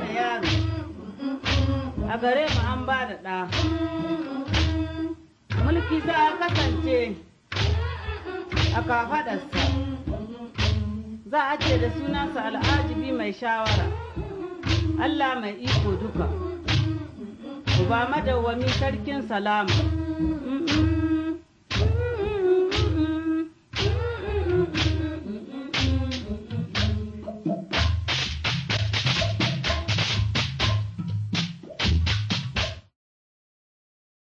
ba yaro a gare mu an ba da ɗa mulki za a kasance a kafaɗarsa za a ce da sunansa al'ajibi mai shawara allah mai iko duka uba madawwami sarkin salama